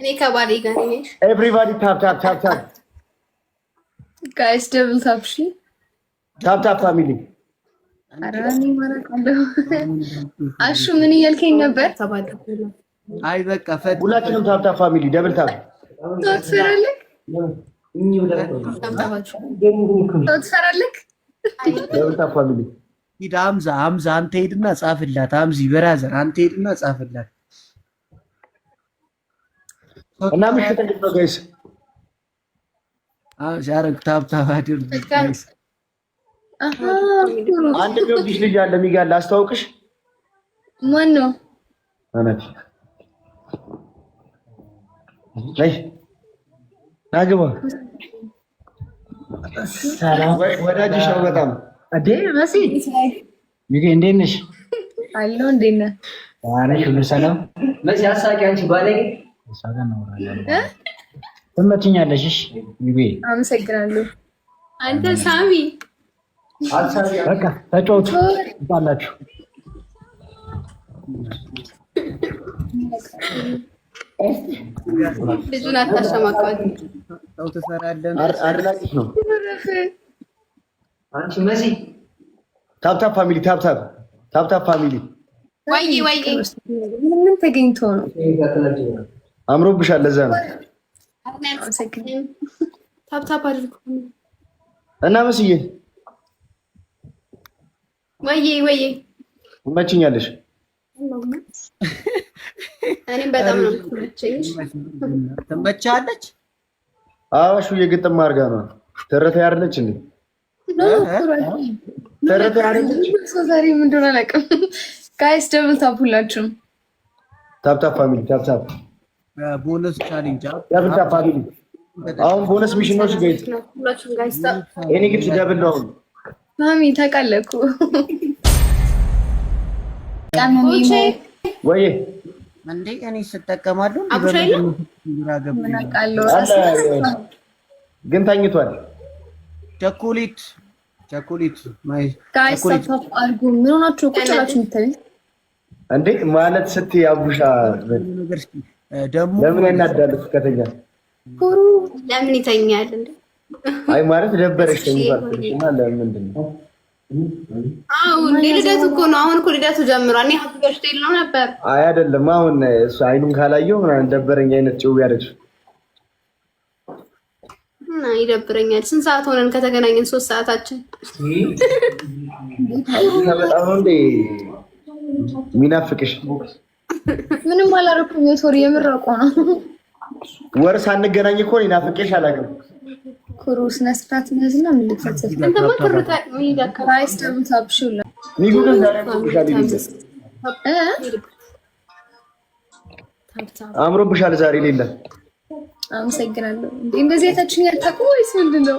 እኔ ከባሌ ጋር ነኝ። ኤቭሪባዲ ታፕ ታፕ ታፕ ታፕ ጋይስ ደብል ታፕ ሺ ታፕ ታፕ ፋሚሊ አራኒ ማራቀለው አሹ ምን እያልከኝ ነበር? አይ በቃ ፈት ሁላችንም ታፕ ታፕ ፋሚሊ ደብል ታፕ ትሰራለህ። ሂድ። ሀምዛ ሀምዛ አንተ ሄድና ጻፍላት። ሀምዚ ብራዘር አንተ ሄድና ጻፍላት እና ምሽት እንዴት ነው ጋይስ? ሲያደርግ ታብታብ አድርግ። አንድ የሚወድሽ ልጅ አለ ሚጋል አስታውቅሽ። ማነው? ናግባ ወዳጅሽ ነው በጣም እንዴ። መሲ እንዴት ነሽ? አለሁ። እንዴት ነህ? ሰላም መሲ። አሳቂ አንቺ ባለጌ እሷ ጋር እናወራለን። ትመችኛለሽ። እሺ ይቤ አመሰግናለሁ። አንተ ሳሚ በቃ ተጫወቱ ባላችሁ ልጁን አታሸማቀል ነው። ታብታብ ፋሚሊ ታብታብ ታብታብ ፋሚሊ ወይ ወይ ምን ተገኝቶ ነው? አምሮብሻል። ለዛ ነው እና መስዬ ወይ ወይ መችኛለሽ። እኔም በጣም ነው ትመቻለች። አዋሹ የግጥም ማርጋ ነው ተረተ ያርለች እንዴ? ተረተ ያርለች ዛሬ ምንድን ነው አላውቅም። ጋይስ ደብል ታፕ ሁላችሁም ታፕ ታፕ ፋሚሊ ታፕ ታፕ ቦነስ ቻሌንጅ ደብል ታፕ አሁን ቦነስ ሚሽኖች ገይት የኔ ግብጽ ደብል ነው። ማሚ ተቀለኩ ወይ እንዴ እኔ ስጠቀማለሁ ግን ተኝቷል። ቸኮሌት ቸኮሌት ማይ ምን ሆናችሁ ቁጭ ብላችሁ የምታዩት እንዴ ማለት ስትይ አቡሻ ደግሞ ለምን ያናዳል? ከተኛ ለምን ይተኛል? እንዴ አይ ማለት ደበረሽ የሚባልሽና ለምንድን ነው? አዎ ልደቱ እኮ ነው። አሁን እኮ ልደቱ ጀምሯል። እኔ ሀፒ በርዝዴይ ልለው ነበር። አይ አይደለም። አሁን እሱ አይኑን ካላየው ምናምን ደበረኝ አይነት ጭው ያደርግ እና ይደብረኛል። ስንት ሰዓት ሆነን ከተገናኘን? ሶስት ሰዓታችን በጣም ነው እንዴ ሚናፍቅሽ ምንም አላደረኩም። የሶሪ የምር እኮ ነው። ወር ሳንገናኝ እኮ እኔ ናፍቄሽ አላውቅም። ኩሩ ስነ ስርዓት ነዝና ምን አምሮብሻል ዛሬ ሌለ። አመሰግናለሁ። እንደዚህ የታችን ያልታቁ ወይስ ምንድን ነው?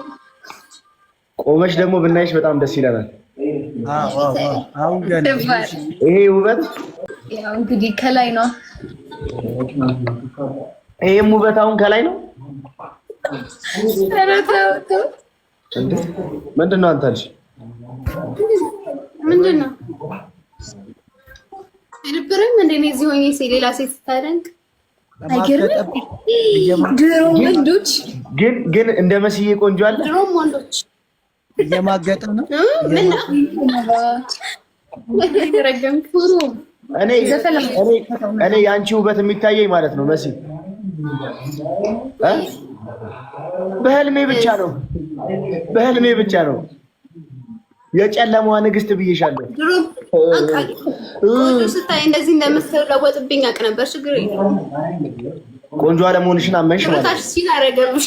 ቆመሽ ደግሞ ብናይሽ በጣም ደስ ይለናል። ይሄ ውበት ያው እንግዲህ ከላይ ነው። ይሄም ውበት አሁን ከላይ ነው። ምንድን ነው አንተ ልጅ ምንድን ነው አይነበረም? እንደ እኔ እዚህ ሆኜ ሌላ ሴት ስታደንቅ አይገርምም? ድሮ ወንዶች ግን ግን እንደ መስዬ ቆንጆ አለ። ድሮም ወንዶች እየማገጠ ነው ምን ነው እኔ የአንቺ ውበት የሚታየኝ ማለት ነው መሲ በህልሜ ብቻ ነው፣ በህልሜ ብቻ ነው። የጨለማዋ ንግስት ብዬሻለሁ። ስታይ እንደዚህ እንደምትለወጥብኝ አቅ ነበር። ችግር የለውም። ቆንጆ አለመሆንሽን አመንሽ ማለት ነው።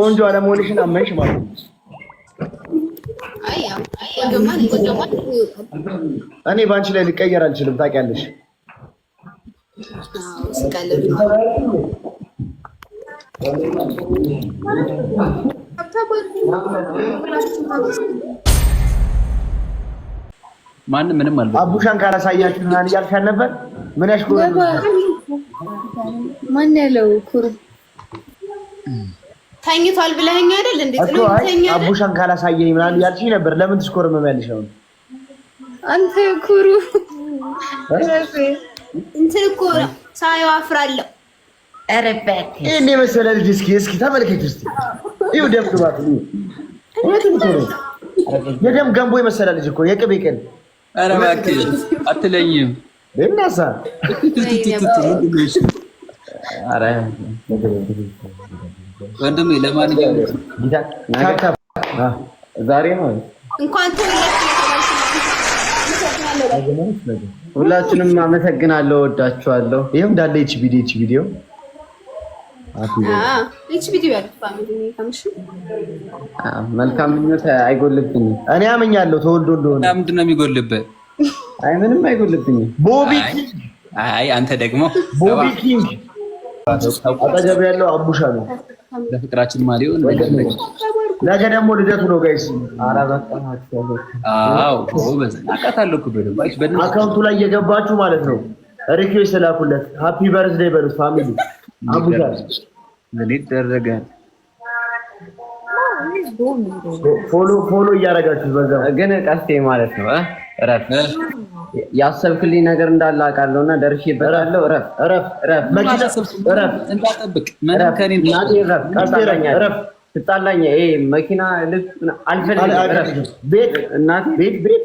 ቆንጆ አለመሆንሽን አመንሽ ማለት ነው። እኔ በአንቺ ላይ ልቀየር አልችልም፣ ታውቂያለሽ። ማንም ምንም አለ። አቡሻን ካላሳያችሁ ምናምን እያልሻል ነበር። ምን ያሽኩ ማን ያለው ኩሩ ተኝቷል ብለኸኝ አይደል? እንዴት ነው ተኛ አይደል? አቡሻን ካላሳየኝ ምናምን ያልሽኝ ነበር። ለምን ትሽኮረመሚያለሽ? አሁን አንተ ኩሩ እንት እኮ ሳየው አፍራለሁ። ኧረ በእናትህ ይሄን የመሰለ ልጅ እስኪ እስኪ ተመልከች እስኪ ይሁ ደም ግባት የደም ገንቦ የመሰለ ልጅ እኮ የቅቤ ቅል። ኧረ እባክህ አትለኝም። እናሳ ኧረ ወንድም ለማንኛውም ዛሬ እንኳን ሁላችንም አመሰግናለሁ፣ ወዳችኋለሁ። ይሄው እንዳለ ኤችቢዲ ቪዲዮ መልካም ምኞት አይጎልብኝም። እኔ አመኛለሁ ተወልዶ እንደሆነ ምንድን ነው የሚጎልብህ? አይ ምንም ቦቢ ኪንግ አይ አንተ ደግሞ ቦቢ ኪንግ አጠገብ ያለው አቡሻ ነው። ለፍቅራችን ማሪዮን ነገ ደግሞ ልደቱ ነው ጋይስ። አዎ አውቃታለሁ አካውንቱ ላይ እየገባችሁ ማለት ነው። ሪኩዌስት ላኩለት። ሃፒ በርዝዴይ በሉት ፋሚሊ አቡዛ ምን ይደረጋል? ፎሎ ፎሎ እያደረጋችሁ በዛ ግን ቀስቴ ማለት ነው። እረፍ ያሰብክልኝ ነገር እንዳለ አውቃለሁ እና ደርሼበታለሁ። እረፍ እረፍ እረፍ እረፍ እንዳጠብቅ ምንም ከኔ እረፍ እረፍ ትጣላኝ። ይሄ መኪና ልብስ አልፈልግም። እረፍ ቤት እናቴ ቤት ቤት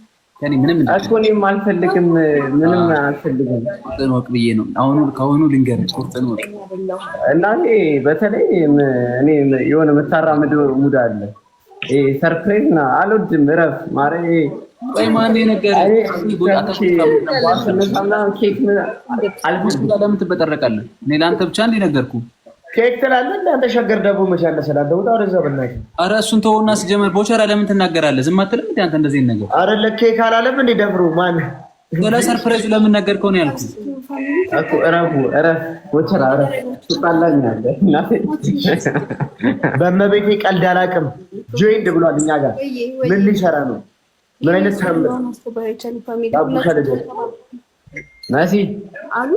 ምንም አልፈልግም፣ ምንም አልፈልግም። ቁርጥን ወቅ ብዬ ነው አሁኑ ከአሁኑ ልንገር። ቁርጥን ወቅ እና በተለይ እኔ የሆነ የምታራምድ ሙድ አለ። ሰርፕሬዝ ና አልወድም። እረፍ ማረ ወይ ነገር ለምን ትበጠረቃለህ? እኔ ለአንተ ብቻ እንዲነገርኩ ኬክ ትላለህ እንዳንተ ሸገር ዳቦ መቼ አለ ስላለ ውጣ ወደዛ በእናትህ። ኧረ እሱን ተወውና ስጀመር ቦቸራ ለምን ትናገራለህ? ዝም አትልም እንደ አንተ እንደዚህ ነገር አረ ለኬክ አላለም እንደ ደፍሮ ማን ስለ ሰርፕራይዙ ለምን ነገር ከሆነ ያልኩ እኮ እረፉ፣ እረፍ ቦቸራ፣ እረፍ። ትጣላኛለህ። በመቤቴ ቀልድ አላውቅም። ጆይንድ ብሏል እኛ ጋር ምን ሊሰራ ነው? ምን አይነት ሳምንት መሲ አሉ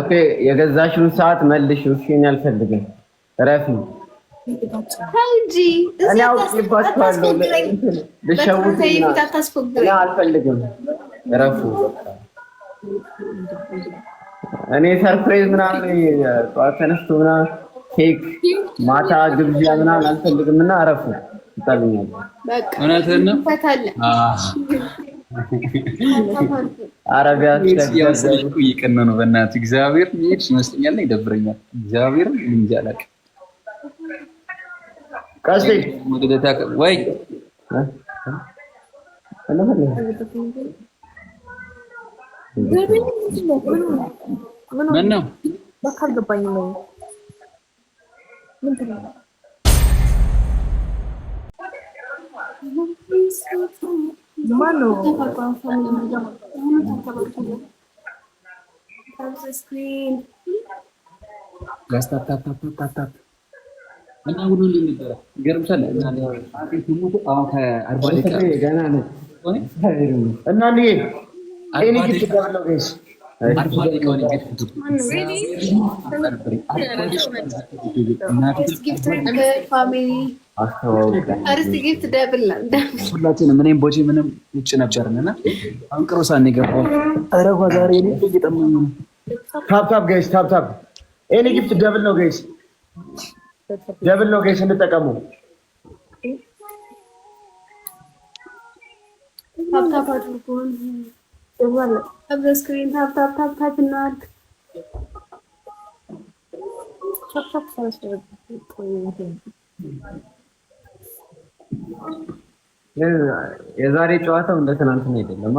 ኦኬ፣ የገዛሽውን ሰዓት መልሽ። እሺን አልፈልግም። ረፊ እንጂ አውቅባችኋለሁ። አልፈልግም። ረፉ እኔ ሰርፕሬዝ ምናምን ጠዋት ተነስቶ ምናምን ኬክ ማታ ግብዣ ምናምን አልፈልግም እና ረፉ ይጠሉኛል። እውነትህን ነው አረቢያስልኩ እየቀነ ነው። በእናትህ እግዚአብሔር ሚሄድ ይመስለኛል፣ ይደብረኛል። እግዚአብሔር እንጃ አላውቅም። ወይ ምነው በቃ አልገባኝም። ምንድን ነው ማነው እና ሁላችንም እኔም ቦቼ ምንም ውጭ ነበርን እና አንቅሮ ሳን የገባው ረጓ ዛሬ እየጠመኑ ነው። ታብታብ ገይስ ታብታብ ኤኒ ጊፍት ደብል ነው ገይስ፣ ደብል ነው ገይስ፣ እንጠቀሙ ታብታብ አድርጎ እስክሪን ታፕ ታፕ ታፕ ታፕ እናድርግ። የዛሬ ጨዋታው እንደ ትናንትና አይደለም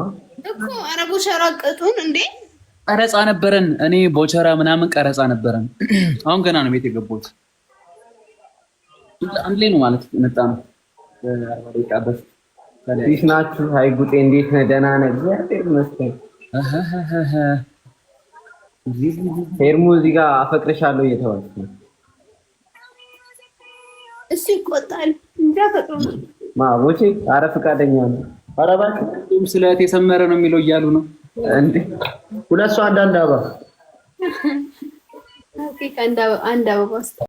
እኮ። ኧረ ቦቸራ ቅጡን እንዴ! ቀረጻ ነበረን። እኔ ቦቸራ ምናምን ቀረጻ ነበረን። አሁን ገና ነው ቤት የገቡት። አንድ ላይ ነው ማለት መጣ ነው። አርባ ደቂቃ በፊት እንዴት ናችሁ? አይ ጉጤ፣ እንዴት ነህ? ደህና ነህ? እግዚአብሔር ይመስገን። ሄርሙ እዚህ አፈቅርሻለሁ እየተባለች ነው። እሱ ይቆጣል ማቦቼ። አረ ነው። አረ እባክህ ስለት የሰመረ ነው የሚለው እያሉ ነው እንዴ? ሁለት ሰው አንድ አንድ አበባ አንድ አበባ